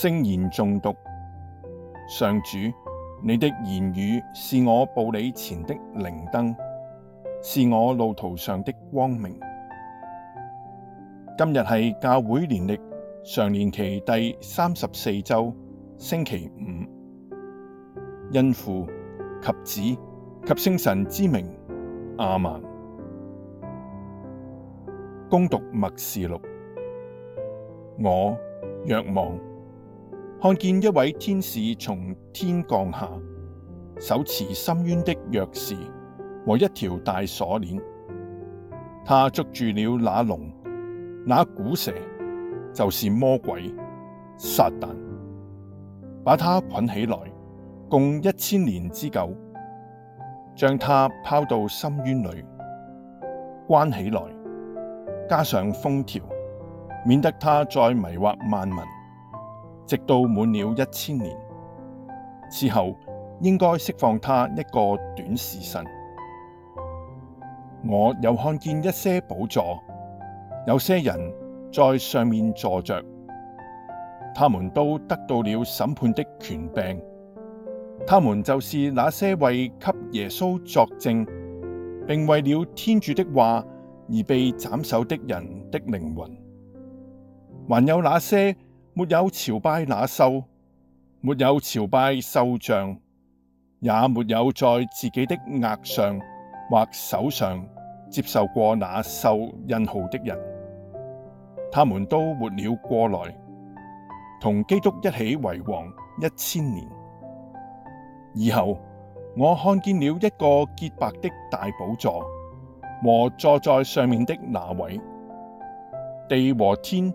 聖言誦讀，上主，你的言語是我步你前的靈燈，是我路途上的光明。今日係教會年曆常年期第三十四周星期五，因父及子及聖神之名，阿門。恭讀《默示錄》我，我若望。看見一位天使從天降下，手持深淵的鑰匙和一條大鎖鏈，他捉住了那龍、那古蛇，就是魔鬼撒殫，把他捆起來，共一千年之久，將他拋到深淵裏，關起來，加上封條，免得他再迷惑萬民。直到滿了一千年，此後應該釋放他一個短時辰。我又看見一些寶座，有些人在上面坐着，他們都得到了審判的權柄。他們就是那些為給耶穌作證，並為了天主的話而被斬首的人的靈魂，還有那些。沒有朝拜那獸，沒有朝拜獸像，也沒有在自己的額上或手上接受過那獸印號的人，他們都活了過來，同基督一起為王一千年。以後，我看見了一個潔白的大寶座，和坐在上面的那位，地和天。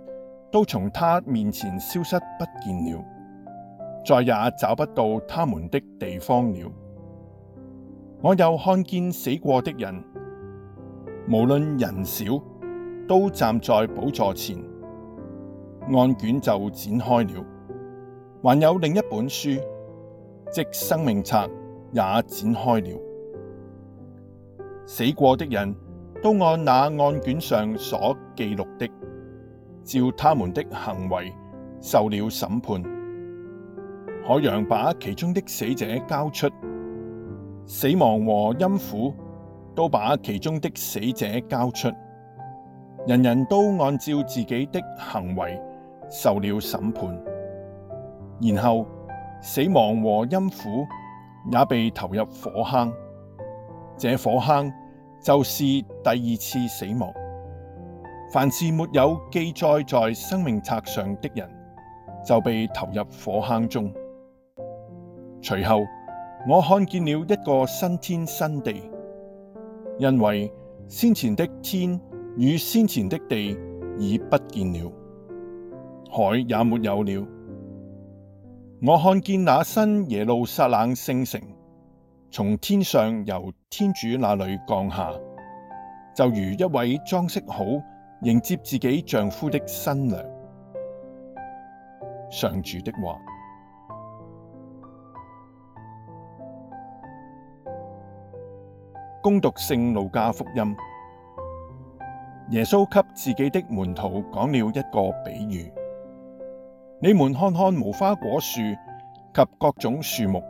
都從他面前消失不見了，再也找不到他們的地方了。我又看見死過的人，無論人小，都站在寶座前，案卷就展開了。還有另一本書，即生命冊，也展開了。死過的人都按那案卷上所記錄的。照他們的行為受了審判，海洋把其中的死者交出，死亡和陰府都把其中的死者交出，人人都按照自己的行為受了審判，然後死亡和陰府也被投入火坑，這火坑就是第二次死亡。凡是沒有記載在生命冊上的人，就被投入火坑中。隨後，我看見了一個新天新地，因為先前的天與先前的地已不見了，海也沒有了。我看見那新耶路撒冷聖城，從天上由天主那裏降下，就如一位裝飾好。迎接自己丈夫的新娘。上主的話，恭讀聖路加福音，耶穌給自己的門徒講了一個比喻。你們看看無花果樹及各種樹木，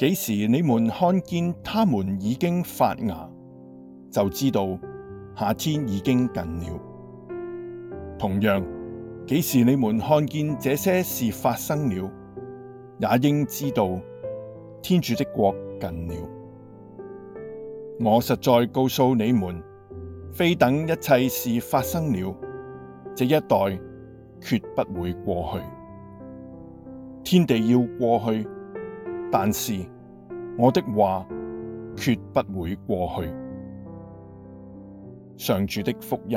幾時你們看見它們已經發芽，就知道。夏天已經近了，同樣，幾時你們看見這些事發生了，也應知道天主的國近了。我實在告訴你們，非等一切事發生了，這一代決不會過去。天地要過去，但是我的話決不會過去。上主的福音。